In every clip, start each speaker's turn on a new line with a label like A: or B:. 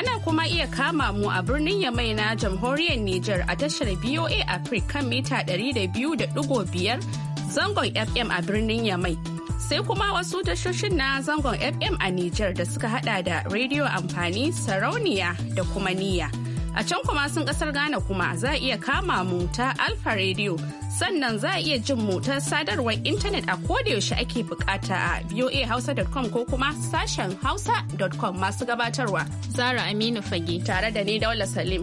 A: Ana kuma iya kama mu a birnin Yamai na jamhuriyar Nijar a tashar BOA Africa kan mita 200.5 zangon FM a birnin Yamai. Sai kuma wasu tashoshin na zangon FM a Nijar da suka hada da rediyo amfani sarauniya da kuma niyya. A can kuma sun kasar Ghana kuma za a iya kama mu ta Alfa Radio sannan za a iya jin mu ta sadarwar intanet a yaushe ake bukata a voahausa.com ko kuma sashen hausa.com masu gabatarwa. Zara Aminu Fage tare da ni Daula Salim.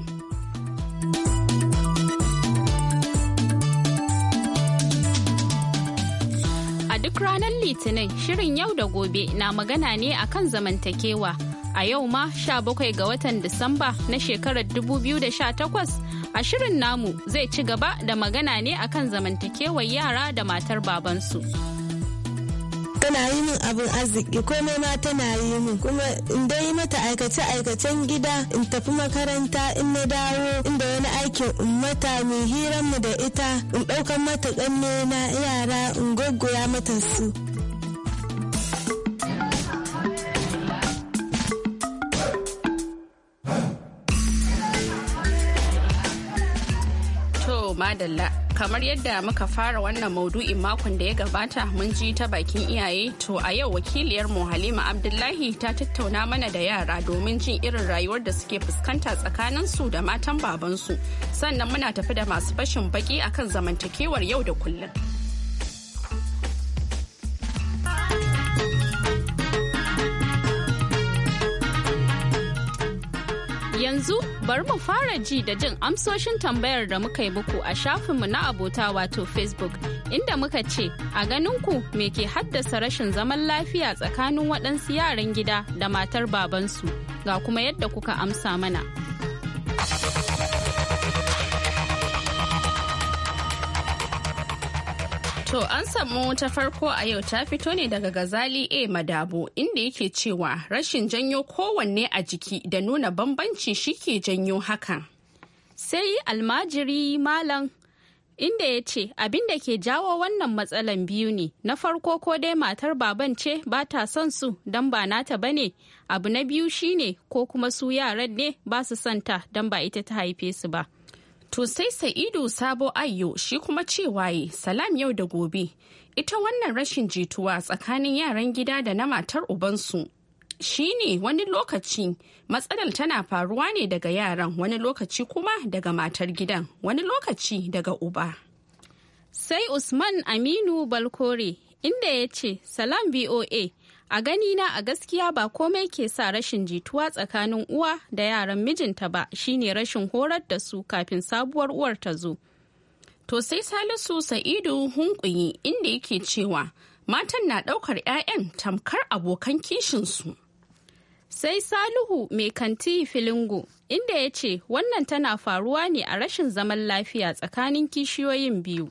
A: A duk ranar Litinin shirin yau da gobe na magana ne akan zamantakewa. a yau ma 17 ga watan Disamba na shekarar 2018 a shirin namu zai ci gaba da magana ne akan zamantakewar yara da matar babansu. tana
B: yi min abin arziki komai ma tana yi min kuma in dai mata aikace aikacen gida in tafi makaranta in na dawo inda wani aikin in mata mai hiranmu da ita in ɗaukan mata ƙanne na yara in goggoya mata su
A: madalla kamar yadda muka fara wannan maudu'in makon da ya gabata mun ji ta bakin iyaye to a yau wakiliyar mu halima abdullahi ta tattauna mana da yara domin jin irin rayuwar da suke fuskanta tsakanin su da matan babansu sannan muna tafi da masu fashin baki akan zamantakewar yau da kullum. yanzu bari mu fara ji da jin amsoshin tambayar da muka yi muku a shafinmu na abota wato Facebook inda muka ce a ganinku me ke haddasa rashin zaman lafiya tsakanin waɗansu yaran gida da matar babansu ga kuma yadda kuka amsa mana. To an samu ta farko a yau ta fito ne daga Gazali A Madabo inda yake cewa rashin janyo kowanne a jiki da nuna bambanci shi ke janyo hakan. Sai almajiri malam inda ya ce abin da ke jawo wannan matsalan biyu ne na farko ko dai matar baban ce ba ta son su don ba nata ba ne abu na biyu shine ko kuma su yaran ne ba su santa don ba ita ta haife su ba. To sai Sa'idu Sabo Ayyo shi kuma waye salam yau da gobe. Ita wannan rashin jituwa tsakanin yaran gida da na matar ubansu. Shi ne wani lokaci matsalar tana faruwa ne daga yaran wani lokaci kuma daga matar gidan wani lokaci daga uba. Sai Usman Aminu Balkore inda ya ce salam VOA A ganina a gaskiya ba komai ke sa rashin jituwa tsakanin uwa da yaran mijinta ba shine rashin horar da su kafin sabuwar uwar ta zo. To sai Salisu Sa'idu hunkuyi inda yake cewa matan na ɗaukar 'ya'yan tamkar abokan kishinsu. Sai Salihu mai kanti filingo inda ya ce wannan tana faruwa ne a rashin zaman lafiya tsakanin kishiyoyin biyu.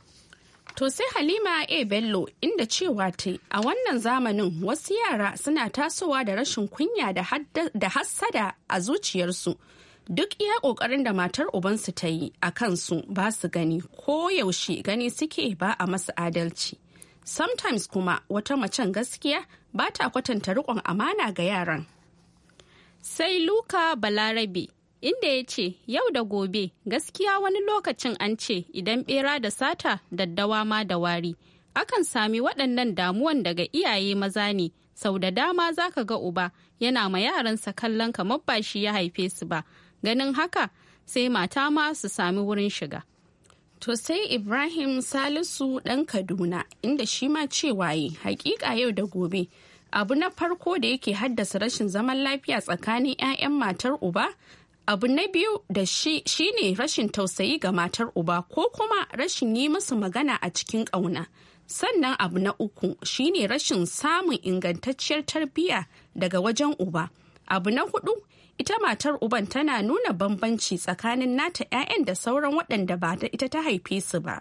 A: To sai Halima A. Bello inda cewa ta a wannan zamanin wasu yara suna tasowa da rashin kunya da hassada a zuciyarsu. Duk iya ƙoƙarin da matar ubansu ta yi a kansu ba su gani ko yaushe gani suke ba a masu adalci. Sometimes kuma wata macen gaskiya ba ta kwatanta riƙon amana ga yaran. Sai Luka Balarabe inda ya ce yau da gobe gaskiya wani lokacin an ce idan bera da sata daddawa ma da wari akan sami waɗannan damuwan daga iyaye maza ne sau da dama za ka ga uba yana ma yaransa kallon kamar ba shi ya haife su ba ganin haka sai mata ma su sami wurin shiga To sai Ibrahim Salisu ɗan Kaduna inda shi ma ce waye hakika yau da gobe abu na farko da yake haddasa rashin zaman lafiya tsakanin 'ya'yan matar uba abu na biyu da shi shine rashin tausayi ga matar uba ko kuma rashin yi musu magana a cikin ƙauna sannan abu na uku shine rashin samun ingantacciyar tarbiyya daga wajen uba abu na hudu ita matar uban tana nuna bambanci tsakanin nata 'ya'yan da sauran waɗanda ba da ita ta haife su ba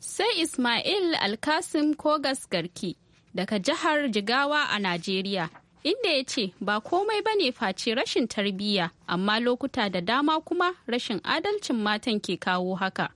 A: sai ismail alkasim kogas garki daga jihar jigawa a najeriya inda ya ce ba komai ba ne face rashin tarbiyya amma lokuta da dama kuma rashin adalcin matan ke kawo haka.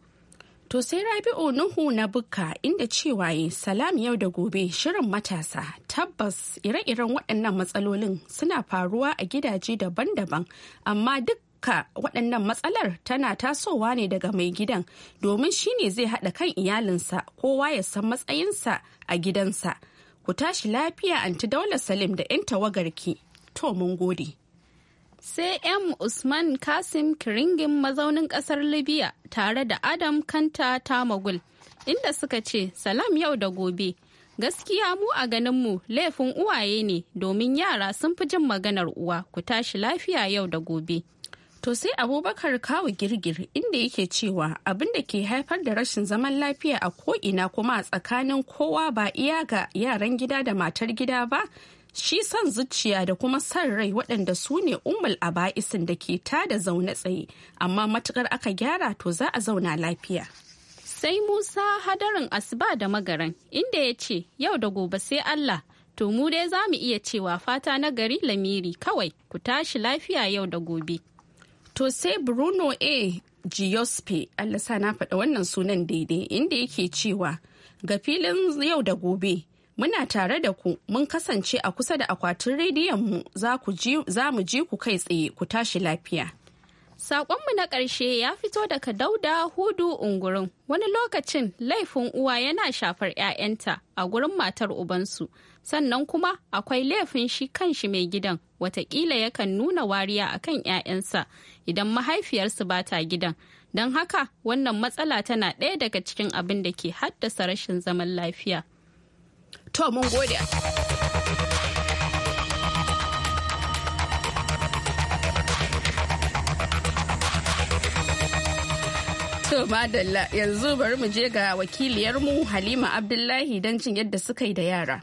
A: To sai Rabi'u Nuhu na Bukka inda cewa salam yau da gobe shirin matasa tabbas ire-iren waɗannan matsalolin suna faruwa a gidaje daban-daban amma duk ka waɗannan matsalar tana tasowa ne daga mai gidan domin shine zai haɗa kan iyalinsa kowa ya san matsayinsa a gidansa ku tashi lafiya anti daula salim da 'yan tawagarki to mun gode sai m usman kasim kiringin mazaunin kasar libya tare da adam kanta tamagul inda suka ce salam yau da gobe gaskiya mu a ganinmu laifin uwaye ne domin yara sun fi jin maganar uwa ku tashi lafiya yau da gobe To sai Abubakar kawo girgir inda yake cewa abin da ke haifar da rashin zaman lafiya a ko'ina kuma a tsakanin kowa ba iya ga yaran gida da matar gida ba, shi son zuciya da kuma son rai waɗanda su ne umul baisin da ke tada zaune tsaye, amma matukar aka gyara to za a zauna lafiya. Sai Musa hadarin asuba da magaran inda ya ce yau da gobe sai Allah to mu dai za mu iya cewa fata na gari lamiri kawai ku tashi lafiya yau da gobe. To sai Bruno A. Giuseppe, Allah sa na faɗa wannan sunan daidai inda yake cewa ga filin yau da gobe. Muna tare da ku mun kasance a kusa da akwatin rediyonmu za mu ji ku kai tsaye ku tashi lafiya. Saƙonmu na ƙarshe ya fito daga dauda hudu ungurin wani lokacin laifin uwa yana shafar 'ya'yanta a gurin matar ubansu. sannan kuma akwai laifin shi kan shi mai gidan watakila yakan nuna wariya a kan 'ya'yansa idan mahaifiyarsu ba ta gidan don haka wannan matsala tana ɗaya daga cikin abin da ke haddasa rashin zaman lafiya. To mun gode. madalla yanzu bari mu je ga wakiliyarmu Halima Abdullahi don cin yadda suka yi da yara.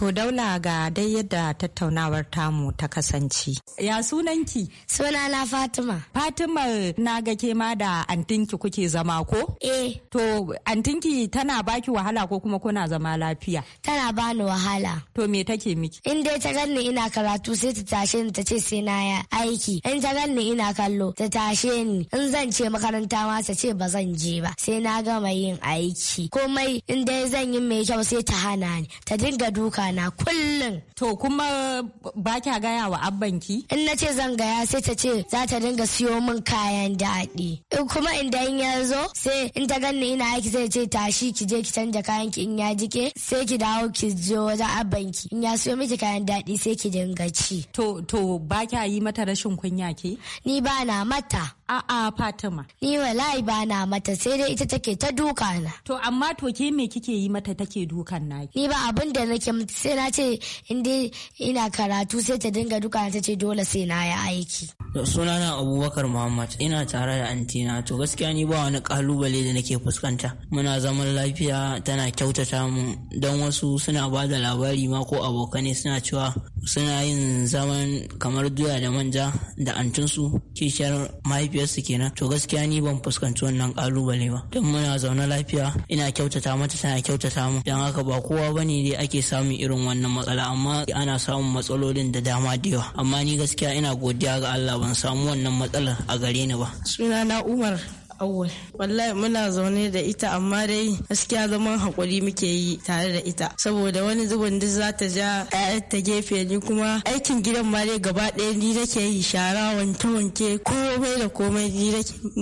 C: To daula ga dai yadda tattaunawar tamu ta kasance. Ya sunanki? Sunana Fatima. Fatima na ga kema da antinki kuke zama ko? Eh. To antinki tana baki wahala ko kuma kuna zama lafiya? Tana bani wahala. To me take miki?
D: In dai ta ganni ina karatu sai ta tashe ni ta ce sai na ya aiki. In ta ganni ina kallo ta tashe ni. In zan ce makaranta ma ta ce ba zan je ba sai na gama yin aiki. Komai in dai zan yi mai kyau sai ta hana ni ta dinga duka na kullum. To kuma ba kya gaya wa abbanki? In na ce zan gaya sai ta ce za ta dinga siyo min kayan daɗi. In kuma inda in ya zo sai in ta ganni ina aiki sai ce tashi ki je ki canja kayan ki in ya jike sai ki dawo ki je wajen abbanki. In ya siyo miki kayan daɗi sai ki dinga ci. To to ba kya yi mata rashin kunya ke? Ni ba na mata.
C: A'a Fatima.
D: Ni wallahi ba na mata sai dai ita take ta duka
C: na. To amma to ke me kike yi mata take dukan na?
D: Ni ba abin da nake mata sai na ce in dai ina karatu sai ta dinga duka na ta dole sai na yi aiki.
B: sunana abubakar muhammad ina tare da antina to gaskiya ni ba wani kalubale da nake fuskanta muna zaman lafiya tana kyautata mu don wasu suna ba da labari ma ko abokanai suna cewa suna yin zaman kamar doya da manja da antinsu kishiyar mahaifiyar su kenan to gaskiya ni ban fuskanci wannan kalubale ba don muna zaune lafiya ina kyautata mata tana kyautata mu don haka ba kowa bane dai ake samun irin wannan matsala amma ana samun matsalolin da dama da yawa amma ni gaskiya ina godiya ga Allah ban samu wannan matsalar a gare ni ba suna na Umar awwal wallahi muna zaune da ita amma dai gaskiya zaman hakuri muke yi tare da ita saboda wani zubin duk za ta ja ta gefe ni kuma aikin gidan ma dai gaba ɗaya ni nake yi shara wanke
C: wanke komai da komai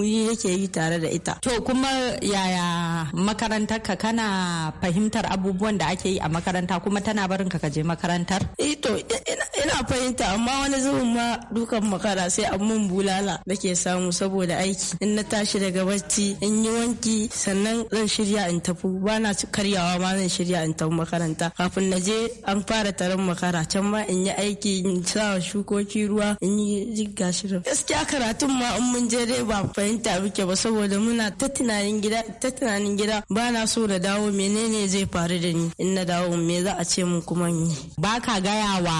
C: ni nake yi tare da ita to kuma yaya makarantar ka kana fahimtar abubuwan da ake yi a makaranta kuma tana barin ka je makarantar eh to ina fahimta amma wani zubin ma dukan makara sai
B: mun bulala nake samu saboda aiki in na tashi da daga bacci in yi wanki sannan zan shirya in tafi ba na karyawa ma zan shirya in tafi makaranta kafin na je an fara taron makara can ma in yi aiki in sa shukoki ruwa in yi jigga shirin gaskiya karatun ma in mun je dai ba fahimta muke ba saboda muna ta tunanin gida ta tunanin gida ba na so da dawo menene zai faru da ni in na dawo me za a ce mun kuma ni ba ka gaya wa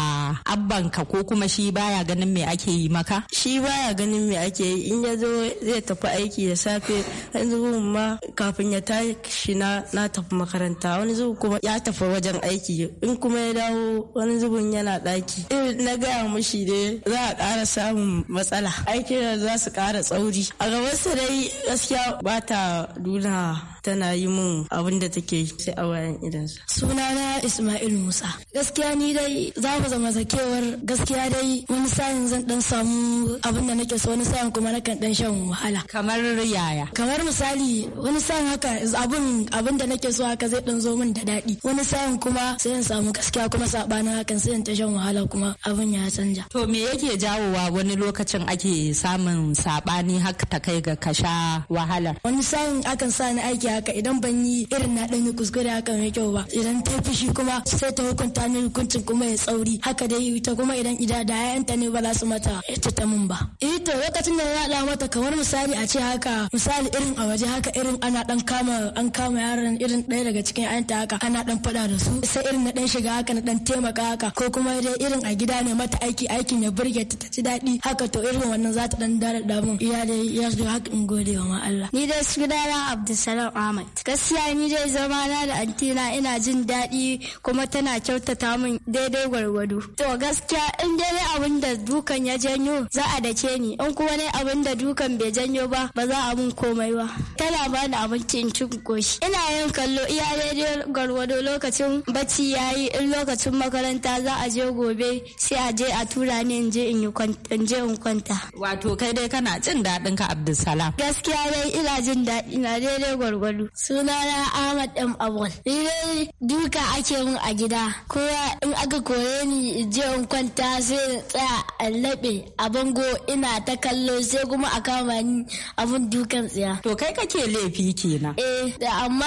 B: abbanka ko kuma shi baya ganin me ake yi maka shi baya ganin me ake yi in ya zo zai tafi aiki da safe wani zubin ma kafin ya tashi na na tafi makaranta wani zubin kuma ya tafi wajen aiki in kuma ya dawo wani zubin yana daki in eh, na gaya mushi dai za a ƙara samun matsala aikin za su ƙara tsauri a gaban sa dai gaskiya ba ta nuna tana yi mun abin da take sai a wayan idansa.
D: na Ismail Musa. Gaskiya ni dai za mu zama zakewar gaskiya dai wani sa'in zan dan samu abin da nake so wani sa'in kuma nakan dan shan wahala. Kamar yaya? Kamar misali wani sa'in haka abin abin da nake so haka zai dan zo min da daɗi. Wani sa'in kuma sai in samu gaskiya kuma sabanin hakan sai in ta shan wahala kuma abin ya canja.
C: To me yake jawowa wani lokacin ake samun sabani haka ta kai ga kasha wahalar? Wani sa'in akan sa ni aiki
D: haka idan ban yi irin na ɗanyi yi kuskure haka mai kyau ba idan ta fushi kuma sai ta hukunta ni hukuncin kuma ya tsauri haka dai ita kuma idan ida da yayanta ne ba za su mata ita ta mun ba ita eh to lokacin da na da mata kamar misali a ce haka misali irin a waje haka irin ana dan kama an kama yaron irin ɗaya daga cikin ayanta haka ana dan faɗa da su sai irin na dan shiga haka na dan taimaka haka ko kuma dai irin a gida ne mata aiki aikin ya burge ta ci daɗi haka to irin wannan za ta dan dara da mun iya dai ya haka in gode wa ma Allah ni dai gidara Abdulsalam Ahmad. Gaskiya ni dai zama na da antina ina jin daɗi kuma tana kyautata min daidai gwargwado. To gaskiya in dai abin da dukan ya janyo za a dake ni in kuma ne abin da dukan bai janyo ba ba za a mun komai ba. Tana ba da abinci in cin goshi. Ina yin kallo iya daidai gwargwado lokacin bacci ya yi in lokacin makaranta za a je gobe sai a je a tura ni in je in in kwanta.
C: Wato kai dai kana jin daɗin ka Abdulsalam.
D: Gaskiya dai ina jin daɗi na daidai gwargwado. Suna na Ahmad M. Abol. Ni duka ake mun a gida. Kowa in aka kore ni je in kwanta sai in tsaya a laɓe a bango ina ta kallo sai kuma a kama ni abun dukan tsaya.
C: To kai kake laifi kenan. Eh
D: da amma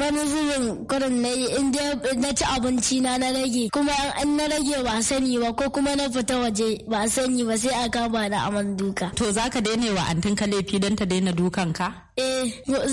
D: wani zubin kurin na yi in na ci abinci na na rage kuma in na rage ba sani ba ko kuma na fita waje ba sani ba sai a kama na aman
C: duka. To zaka daina wa antin ka laifi don ta daina dukan ka?
D: Eh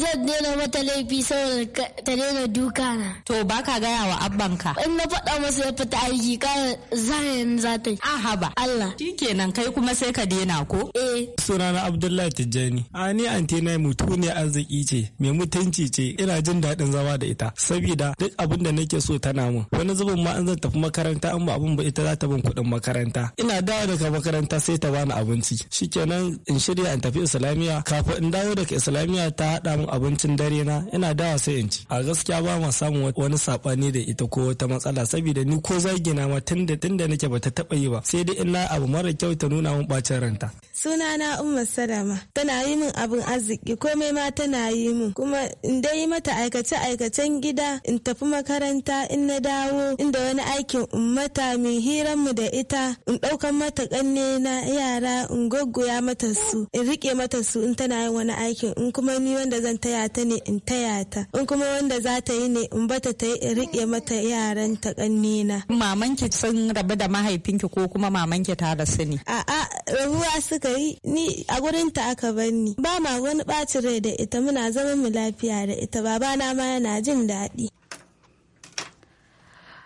D: zan daina kuma
C: laifi ta duka na. To ba ka gaya wa abbanka. In na faɗa masa ya fita aiki kara zanen za ta yi. Aha ba. Allah. Shi kenan kai kuma sai ka daina
E: ko? Eh. Sunana Abdullahi Tijjani. A ni na mutu ne arziki ce mai mutunci ce ina jin daɗin zama da ita Sabida duk abin da nake so tana mun wani zubin ma an zan tafi makaranta an ba abin ba ita za ta bin kuɗin makaranta ina dawo daga makaranta sai ta bani abinci shikenan in shirya in tafi islamiya kafin in dawo daga islamiyya ta haɗa min abincin dare dare na ina dawa sai in ci a gaskiya ba ma samun wani sabani da ita ko wata matsala saboda ni ko na ma tunda tunda nake bata taba yi ba sai dai ina abu mara kyau ta nuna min bacin ranta
B: suna na umma salama tana yi min abun arziki komai ma tana yi min kuma in dai mata aikace aikacen gida in tafi makaranta in na dawo inda wani aikin ummata mai hiran mu da ita in ɗaukan mata kanne na yara in goggoya mata su in rike mata su in tana yin wani aikin in kuma ni wanda zan taya ta ne in taya ta in kuma wanda za ta yi ne in bata ta riƙe mata yaran ta ƙannena.
C: mamanki sun rabu da mahaifinki ko kuma mamanki ta rasu ne
B: a'a rabuwa suka yi ni a gurin ta aka banni ba ma wani ɓacin rai da ita muna zama mu lafiya da ita babana ma yana jin daɗi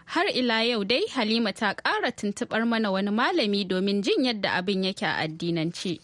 A: har ila yau dai halima ta ƙara tuntuɓar mana wani malami domin jin yadda abin yake a addinance.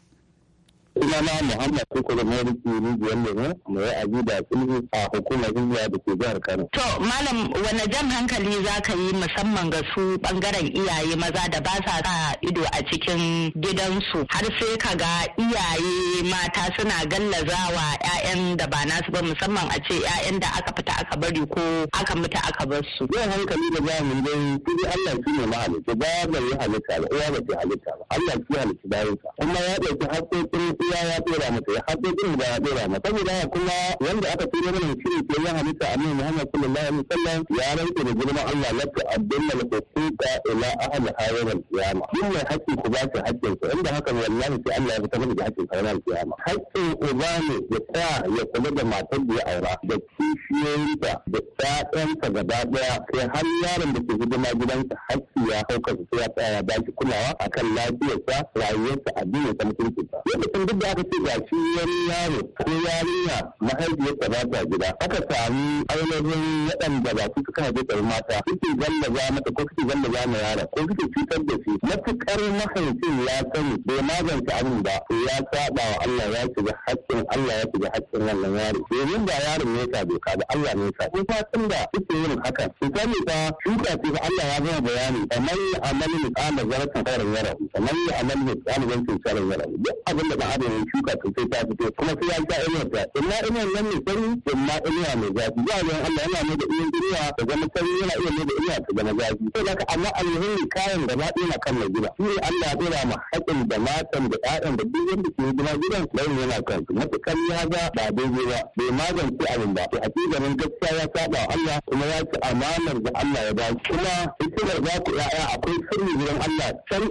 F: na Muhammad Koko da Mawar Kiri Biyar Lemu mai aji da sulhu a hukumar Hizbiya da ke jihar Kano. To
C: malam wane jan hankali za ka yi musamman ga su bangaren iyaye maza da ba sa sa ido a cikin gidansu har sai ka ga iyaye mata suna gallazawa 'ya'yan da ba nasu ba musamman a ce
F: 'ya'yan da aka fita aka bari ko aka mutu aka bar su. Jan hankali da za mu dai shi Allah shi ne mahalicci ba ya halitta ba uwa ba ta halitta ba Allah shi halitta ka. kuma ya ɗauki hakkokin kowa ya tsora mata ya haƙoƙin da ya tsora mata saboda haka kuma wanda aka tsira mana shi ne ke yin halitta a nan Muhammad sallallahu alaihi wasallam ya rantsa da girman Allah lafi abdullah al-huquqa ila ahli hayyar al-qiyama duk mai haƙƙi ku ba shi haƙƙin sa inda haka wallahi sai Allah ya fitar maka da haƙƙin sa ranar kiyama haƙƙin uba ya tsaya ya kula da matar da ya aura da kishiyoyinta da ƴaƴanta gaba ɗaya sai har yaron da ke hidima gidansa haƙƙi ya hauka sai ya tsaya ya ba shi kulawa akan lafiyarsa rayuwarsa addininsa mutuncinsa da aka ce gashi wani yaro ko yarinya mahaifiyarsa ba ta gida aka sami ainihin waɗanda ba su suka haɗe ɗan mata suke gallaza mata ko suke gallaza ma yara ko suke cutar da shi matuƙar mahaifin ya sani bai magance abin ba to ya saɓa wa Allah ya shiga haƙƙin Allah ya shiga haƙƙin wannan yaro domin ba yaron ne ka doka ba Allah ne ka ko fatan da suke yin haka su sani fa shuka ce fa Allah ya gama bayani kamar amalin da zarafin tsarin yara kamar amalin da zarafin tsarin yara duk abin da ba da mai shuka sosai ta fito kuma sai ya ga inuwar ta in inuwar nan mai sanyi in inuwa mai zafi ya ga Allah yana mai da iyan duniya ta zama sanyi yana iya mai da iyan ta zama zafi sai haka amma alheri kayan da ba ina kan mai gida shi Allah ya dora ma haƙin da matan da ƴaƴan da duk wanda ke gina gidan ne yana kansu matuƙar ya ga ba daidai ba bai magance abin ba to hakikanin gaskiya ya saba Allah kuma ya ci amanar da Allah ya ba kuma hikimar za ku ƴaƴa akwai sirri gidan Allah can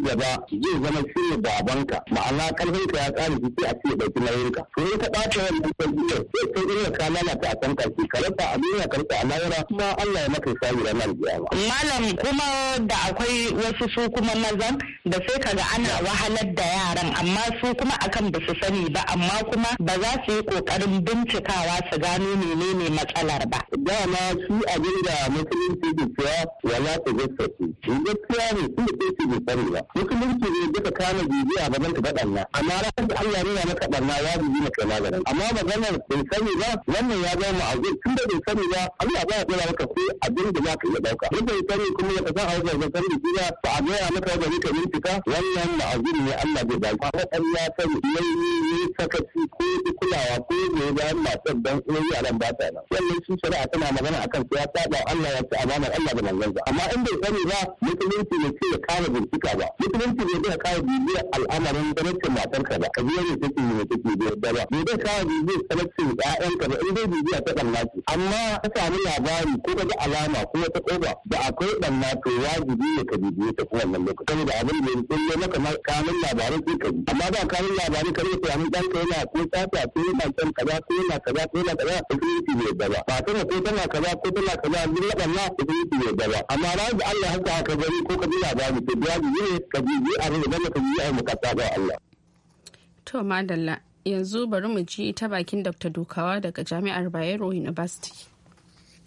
F: gaba zai zama sirri babanka ma'ana ƙarfin nauyin ka ya kare shi sai a ce dauki nauyin ka to in ka bata wannan tarbiyyar sai kai irin ka lalata a kan kashi ka rasa a duniya ka rasa a lahira kuma Allah ya maka sabi da nan jiya malam kuma
C: da akwai wasu su kuma mazan da sai kaga ana wahalar da yaran amma
F: su kuma akan ba su sani ba amma kuma ba za su yi kokarin bincikawa su gano menene matsalar ba dama shi abin da musulunci ke cewa wala ta gaskata gaskiya ne su da ke sani ba musulunci ne duka kana bibiya ba zan ka faɗa amma ranar da Allah nuna maka barna ya bibi na kai maganin amma maganar bai sani ba wannan ya zama ma'azin tun da bai sani ba Allah ba ya tsara maka ko abin da za ka iya dauka duk bai sani kuma ya kasan hausar da sani shi ba ba a gaya maka da muka mintika wannan ma'azin ne Allah bai baki amma ɗan ya sani yayi yayi sakaci ko kulawa ko ne bayan matar dan uwayi a nan ba ta nan wannan shi shari'a tana magana akan su ya saba Allah ya ci amanar Allah da manzansa amma in bai sani ba musulunci ne ce ya kare bincika ba musulunci ne zai kare bibiyar al'amarin gwamnatin matar ɗanka ba ka biya ne take yi take biyar da ba bai ka zai salakcin ɗanka ba in zai bibiya ta ɗan ce amma ka samu labari ko ka ga alama ko wata ƙofa da akwai ɗanna to wajibi ne ka bibiye ta kuma wannan lokacin saboda abin da ya tsaye maka kamun labarin sai ka bi amma ba kamun labarin ka rika amin ɗanka yana ko tsafa ko yana can kaza ko yana kaza ko yana kaza ko sun yi biyar da ba ba tana ko tana kaza ko tana kaza duk na ɗanna ko sun biyar da ba amma razu Allah haka haka gani ko ka bi labari to biya bibiye ka bibiye abin da ka bibiye a makasa ba Allah.
A: To Madalla, yanzu bari mu ji ta bakin Dr. Dukawa daga Jami'ar Bayero University.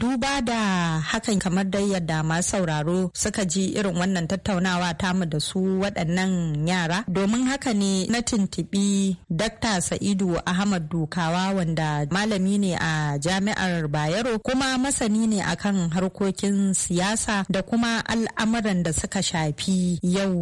C: duba da hakan kamar dai yadda masu sauraro suka ji irin wannan tattaunawa tamu da su waɗannan yara domin haka ne na tuntuɓi dakta sa'idu ahmad dukawa wanda malami ne a jami'ar bayero kuma masani ne akan harkokin siyasa da kuma al'amuran da suka shafi yau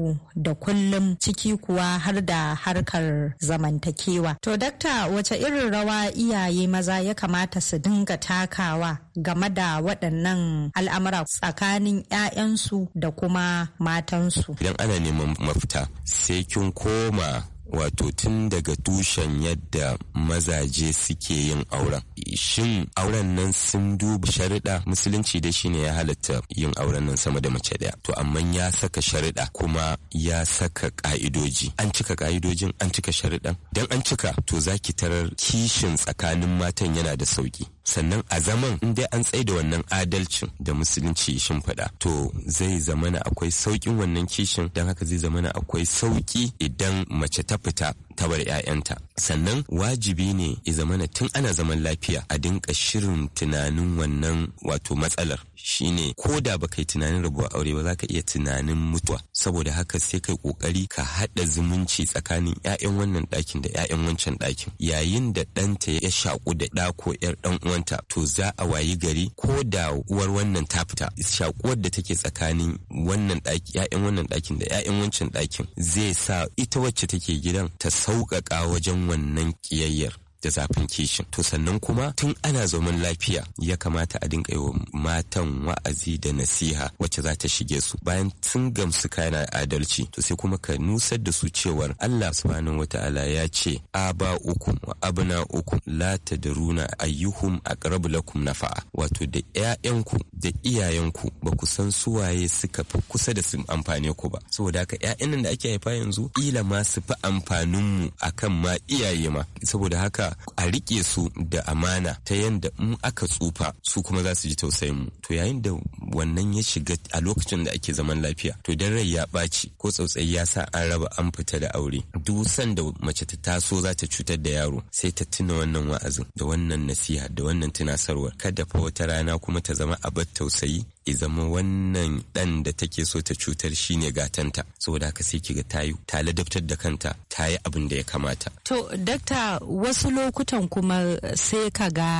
C: da kullum ciki kuwa har da harkar zamantakewa to dakta wace irin rawa iyaye maza ya kamata su dinga takawa game da waɗannan al'amura tsakanin 'ya'yansu da kuma matansu.
E: Idan ana neman mafita sai kin koma wato tun daga tushen yadda mazaje suke yin auren shin auren nan sun duba shariɗa musulunci da shine ya halatta yin auren nan sama da mace ɗaya to amma ya saka shariɗa kuma ya saka ƙa'idoji an cika ƙa'idojin an cika shariɗan dan an cika to zaki tarar kishin tsakanin matan yana da sauki sannan a zaman in dai an tsaye da wannan adalcin da musulunci shimfiɗa to zai zamana akwai sauƙin wannan kishin don haka zai zamana akwai sauƙi idan mace ta fita ta bar 'ya'yanta sannan wajibi ne ya zamana tun ana zaman lafiya a dinka shirin tunanin wannan wato matsalar shine ko da baka yi tunanin rabuwa aure ba za ka iya tunanin mutuwa saboda haka sai kai kokari ka haɗa zumunci tsakanin 'ya'yan wannan ɗakin da 'ya'yan wancan ɗakin yayin da ɗanta ya shaƙu da ɗa ko 'yar ɗan uwanta to za a wayi gari ko da uwar wannan ta fita shaƙuwar da take tsakanin wannan ɗaki 'ya'yan wannan ɗakin da 'ya'yan wancan ɗakin zai sa ita wacce take gidan ta sauƙaƙa wajen wannan ƙiyayyar da zafin kishin to sannan kuma tun ana zaman lafiya ya kamata a dinga yi matan wa'azi da nasiha wacce za ta shige su bayan sun gamsu kayan adalci to sai kuma ka nusar da su cewar Allah subhanahu wataala ya ce aba uku wa abna uku la runa ayyuhum aqrabu lakum nafa'a wato da ƴaƴanku da iyayenku ba ku san su waye suka fi kusa da su amfane ku ba saboda haka ƴaƴan da ake haifa yanzu ila ma su fi amfanin mu akan ma iyaye ma saboda haka a riƙe su da amana ta yadda in aka tsufa su kuma za su ji tausayin mu to yayin da wannan ya shiga a lokacin da ake zaman lafiya to dan rai ya ɓaci ko tsautsayi ya sa an raba an fita da aure duk sanda mace ta taso za ta cutar da yaro sai ta tuna wannan wa'azin da wannan nasiha da wannan tunasarwa kada fa wata rana kuma ta zama abar tausayi ya zama wannan dan da take so ta cutar shine gatanta saboda haka sai kiga ta yi ta ladabtar da kanta ta yi abin da ya kamata.
C: To dakta wasu lokutan kuma sai kaga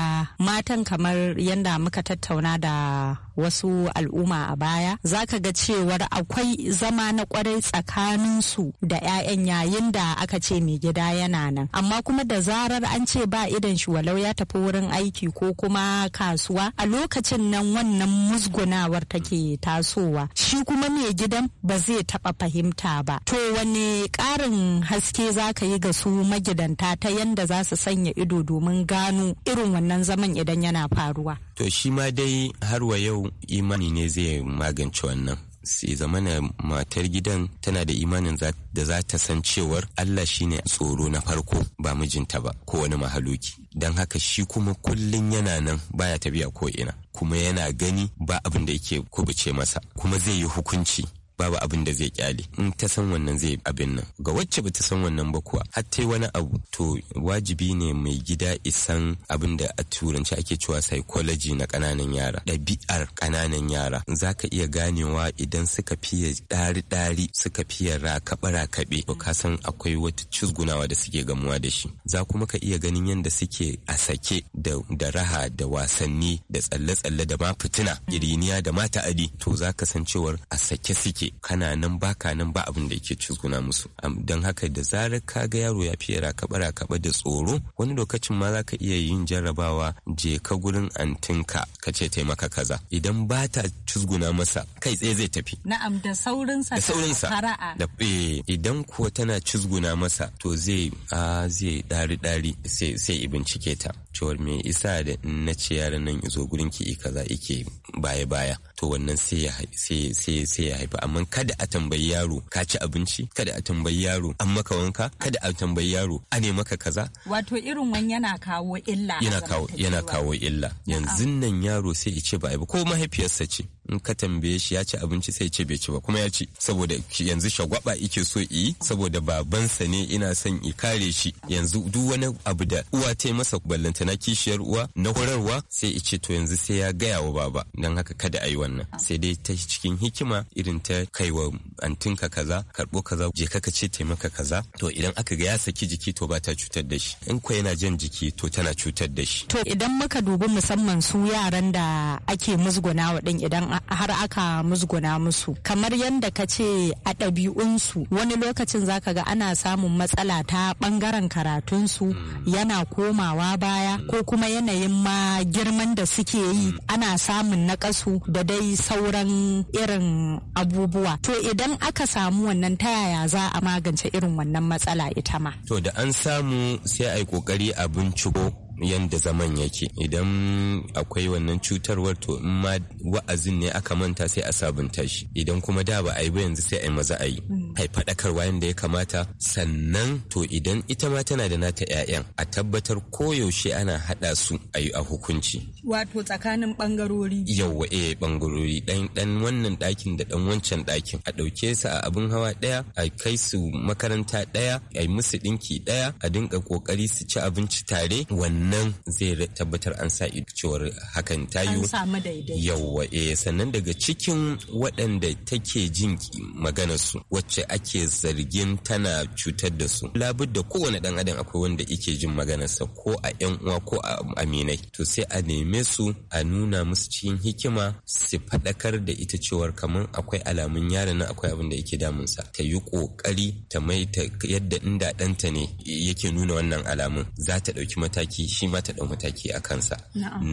C: matan kamar yadda muka tattauna da wasu al'umma a baya zaka ga cewar akwai zama na kwarai tsakaninsu da 'ya'yan yayin da aka ce mai gida yana nan amma kuma da zarar an ce ba idan shi walau ya tafi wurin aiki ko kuma kasuwa a lokacin nan wannan musgunawar take tasowa shi kuma mai gidan ba zai taba fahimta ba to wani karin haske za ka yi ga su magidanta ta yanda za su sanya ido domin gano irin wannan zaman idan yana faruwa
E: to shi ma dai har wa yau imani ne zai magance wannan sai zamana matar gidan tana da imanin da za ta san cewar Allah shine tsoro na farko ba mijinta ba ko wani mahaluki don haka shi kuma kullum yana nan baya tafiya ko ina kuma yana gani ba abin da yake kubuce masa kuma zai yi hukunci babu abin da zai kyale in ta san wannan zai abin nan ga wacce bata san wannan ba kuwa har ta wani abu to wajibi ne mai gida isan abin da a turanci ake cewa psychology na kananan yara ɗabi'ar kananan yara zaka iya ganewa idan suka fiye ɗari-ɗari suka fiye rakaɓe-rakaɓe to ka san akwai wata cizgunawa da suke gamuwa da shi za kuma ka iya ganin yadda suke a sake da da raha da wasanni da tsalle-tsalle da ma fitina iriniya da ma ta'adi to za ka san cewar a sake suke kana nan baka nan ba abin da yake cizguna musu don haka da zarar ka ga yaro ya fiye rakaba rakaba da tsoro wani lokacin ma zaka iya yin jarrabawa je ka gurin antinka ka ce taimaka kaza idan ba ta cizguna masa kai tsaye zai tafi
C: na'am da saurinsa da saurinsa da
E: eh, idan kuwa tana cizguna masa to zai a zai dari dari sai sai bincike ta cewar me isa da na ce yaran nan izo gurin ki kaza ike baya baya to wannan sai ya haifa. amma kada a tambayi yaro ka ci abinci kada a tambayi yaro an maka wanka kada a tambayi yaro a ne maka kaza
C: wato irin wani yana kawo illa yana kawo
E: yana kawo illa yanzu nan yaro sai ya ce ba ba ko mahaifiyarsa ce in ka tambaye shi ya ci abinci sai ce bai ci ba kuma ya ci saboda yanzu shagwaba ike so yi saboda babansa ne ina son i kare shi yanzu duk wani abu da uwa ta yi masa na kishiyar uwa na horarwa sai ice to yanzu sai ya gaya wa baba don haka kada a yi wannan sai dai ta cikin hikima irin ta kaiwa antinka kaza karbo kaza je kaka ce taimaka kaza to idan aka ga ya saki jiki to ba ta cutar da shi in ko yana jan jiki to tana cutar da shi
C: to idan muka dubi musamman su yaran da ake musgunawa din idan har aka musguna musu kamar yadda ka ce a ɗabi'unsu wani lokacin zaka ga ana samun matsala ta ɓangaren karatunsu mm. yana komawa baya ko mm. kuma yanayin ma girman da suke yi mm. ana samun naƙasu da dai sauran irin abubuwa to idan aka samu wannan ta yaya za a magance irin wannan matsala ita ma
E: to da an samu sai a yi ƙoƙari a binciko yanda zaman yake idan akwai wannan cutarwar to in ma wa'azin ne aka manta sai a sabunta shi idan kuma da ba a yi ba yanzu sai a yi maza a yi hmm. ai faɗakarwa yanda ya kamata sannan to idan ita ma tana da nata 'ya'yan a tabbatar koyaushe ana haɗa su a yi a hukunci
C: wato tsakanin ɓangarori
E: yawwa eh ɓangarori ɗan ɗan wannan ɗakin da ɗan wancan ɗakin a ɗauke su a abin hawa ɗaya a kai su makaranta ɗaya a yi musu dinki ɗaya a dinka ƙoƙari su ci abinci tare wannan Nan zai tabbatar an sa cewar hakan tayu yawa eh sannan daga cikin waɗanda take jin magana su wacce ake zargin tana cutar da su da kowane dan adam akwai wanda yake jin maganarsa ko a yan uwa ko a aminai to sai a neme su a nuna musu cikin hikima su faɗakar da ita cewar kamar akwai alamun yaron nan akwai abin da yake damunsa ta yi ƙoƙari ta mai ta yadda inda ɗanta ne yake nuna wannan alamun za ta ɗauki mataki shi ma ta ɗau mataki a kansa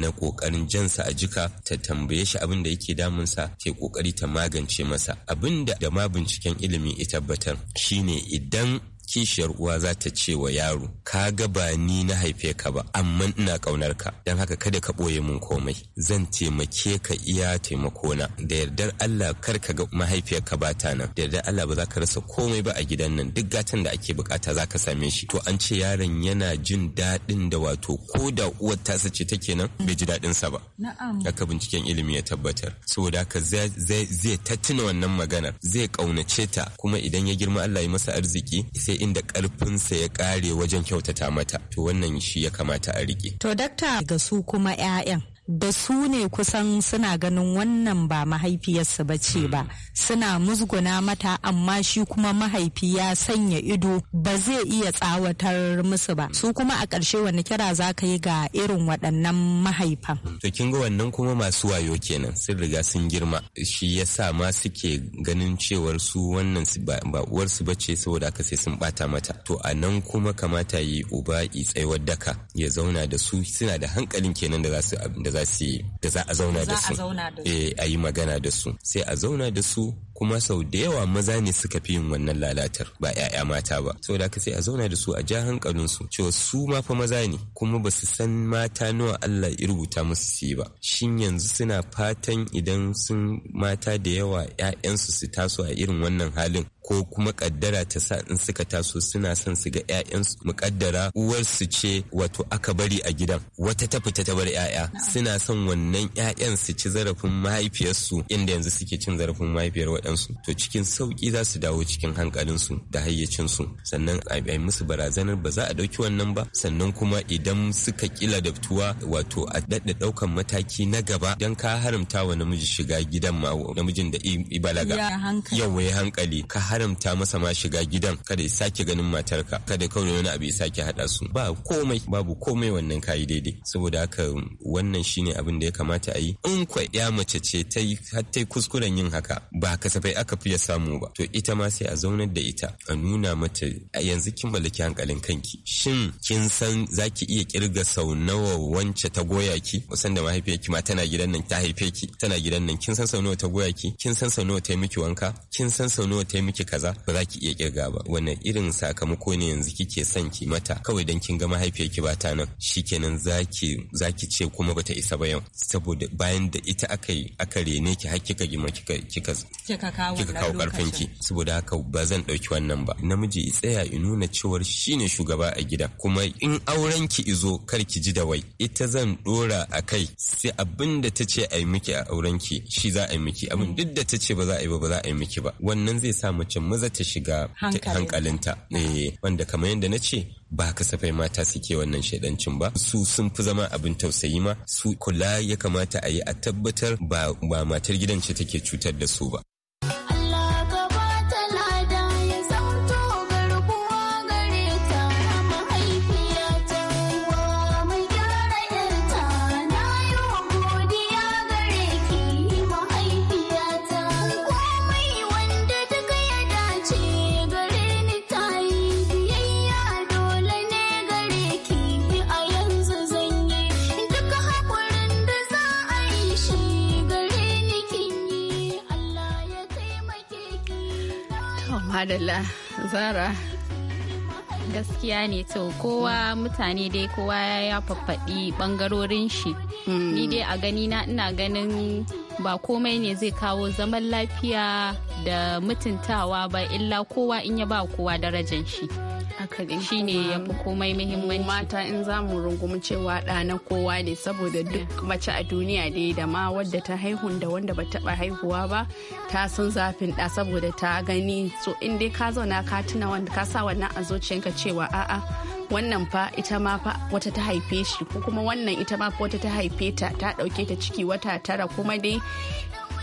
E: na ƙoƙarin jansa a jika ta tambaye shi abin da yake damunsa ke ƙoƙari ta magance masa abin da ma binciken ilimi ya tabbatar shine idan kishiyar uwa za ta ce wa yaro ka ga ba ni na haife ka ba amma ina kaunar ka don haka kada ka ɓoye min komai zan taimake ka iya taimakona da yardar Allah kar ka ga mahaifiyar ka ba ta nan da yardar Allah ba za ka rasa komai ba a gidan nan duk gatan da ake bukata za ka same shi to an ce yaron yana jin daɗin da wato ko da uwar tasa ce take nan bai ji daɗin sa ba haka binciken ilimi ya tabbatar saboda haka zai tattuna wannan maganar zai kaunace ta kuma idan ya girma Allah ya masa arziki sai inda karfinsa ya kare wajen kyautata mata to wannan shi ya kamata a rike
C: to dakta ga su kuma 'ya'yan da su ne kusan suna ganin wannan ba mahaifiyarsa ba ce ba mm. suna musguna mata amma shi kuma mahaifi ya sanya ido ba zai iya tsawatar musu ba su kuma a ƙarshe wani kira za ka yi ga irin waɗannan mahaifan
E: mm. to kin ga wannan kuma masu wayo kenan sun riga sun girma shi ya sa ma suke ganin cewar su wannan ba uwarsu ba ce saboda aka sai sun bata mata to a nan kuma kamata yi uba i tsayuwar daka ya zauna da su suna da hankalin kenan da za su za su da za a zauna da su eh, a yi magana da su sai a zauna da su kuma sau da yawa maza ne suka fi yin wannan lalatar ba 'ya'ya mata ba da aka sai a zauna da su a ja su cewa su ma fa maza ne kuma ba su san mata nawa Allah ya rubuta musu su yi ba shin yanzu suna fatan idan sun mata da yawa 'ya'yansu su taso a irin wannan halin ko kuma kaddara ta sa in suka taso suna son su ga 'ya'yansu mukaddara uwarsu ce wato aka bari a gidan wata ta fita ta bar 'ya'ya suna son wannan 'ya'yan su ci zarafin mahaifiyarsu inda yanzu suke cin zarafin mahaifiyar waɗansu to cikin sauki za su dawo cikin hankalinsu da hayyacinsu sannan a yi musu barazanar ba za a ɗauki wannan ba sannan kuma idan suka kila daftuwa wato a daɗa ɗaukan mataki na gaba don ka haramta wa namiji shiga gidan ma namijin da ibalaga yawa hankali ka haramta masa ma shiga gidan kada ya sake ganin matarka kada kawai wani abu ya sake haɗa su ba komai babu komai wannan kayi daidai saboda haka wannan shine abin da ya kamata a yi in kwa ya mace ce ta yi har ta kuskuren yin haka ba kasafai aka fiye samu ba to ita ma sai a zaunar da ita a nuna mata yanzu kin mallaki hankalin kanki shin kin san zaki iya kirga sau nawa wance ta goya ki musan da mahaifiyarki ma tana gidan nan ta haife ki tana gidan nan kin san sau nawa ta goya ki kin san sau nawa ta yi miki wanka kin san sau nawa ta yi miki kaza ba za ki iya kirga ba wannan irin sakamako ne yanzu kike son ki mata kawai dan kin ga mahaifiyarki ba ta nan shikenan zaki zaki ce kuma bata isa ba yau saboda bayan da ita aka yi aka rene ki har kika gima kika kika
C: kika kawo karfin ki
E: saboda haka ba zan dauki wannan ba namiji tsaya ya nuna cewar shine shugaba a gida kuma in auren ki izo kar ki ji da wai ita zan dora a kai sai abin da ta ce a yi miki a auren ki shi za a yi miki abin duk da ta ce ba za a yi ba ba za a yi miki ba wannan zai sa mace mace maza ta shiga hankalinta eh, wanda kamar yadda na ce ba kasafai mata suke wannan shaidancin ba su sun fi zama abin tausayi ma su kula ya kamata a yi a tabbatar ba matar gidan ce take cutar da su ba
A: subhanallah zara gaskiya ne to kowa mutane dai kowa ya faffaɗi ɓangarorin shi hmm. ni dai a gani na ina ganin ba komai ne zai kawo zaman lafiya da mutuntawa ba illa kowa in ya ba kowa darajan shi shine ya fi komai muhimmanci mata in za mu rungumi cewa ɗa na kowa ne saboda duk mace a duniya dai da ma wadda ta haihun da wanda ba taɓa haihuwa ba ta san zafin ɗa saboda ta gani so in dai ka zauna ka tuna wanda ka sa wannan a zuciyarka cewa a'a wannan fa ita ma fa wata ta haife shi ko kuma wannan ita ma fa wata ta haife ta ta dauke ta ciki wata tara kuma dai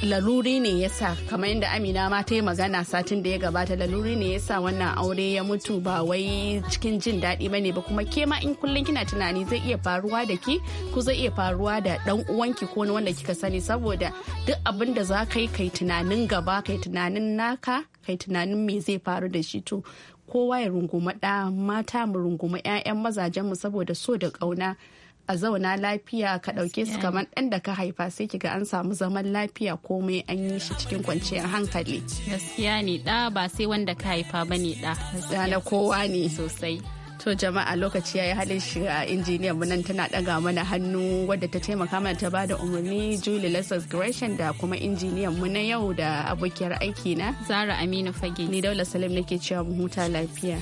A: laluri ne ya sa kamar yadda amina ma ta yi magana satin da ya gabata laluri ne ya sa wannan aure ya mutu ba wai cikin jin daɗi ba ne ba kuma ke ma in kullum kina tunani zai iya faruwa da ki ko zai iya faruwa da ɗan uwanki ko wanda kika sani saboda duk abin da za ka yi kai tunanin gaba kai tunanin naka kai tunanin me zai faru da shi to kowa ya runguma ɗa mata mu runguma 'ya'yan mazajen mu saboda so da ƙauna a zauna lafiya ka ɗauke su kamar ɗan da ka haifa sai kiga an samu zaman lafiya komai an yi shi cikin kwanciyar hankali. Gaskiya ne ɗa ba sai wanda ka haifa ba ne ɗa. gaskiya na kowa ne. Sosai. To jama'a lokaci ya yi halin shiga a injiniyan nan tana ɗaga mana hannu wadda ta taimaka mana ta bada umarni Julie Lessons Gresham da kuma injiniyan mu na yau da abokiyar aiki na. Zara Aminu Fage. Ni Daula Salim nake cewa mu huta lafiya.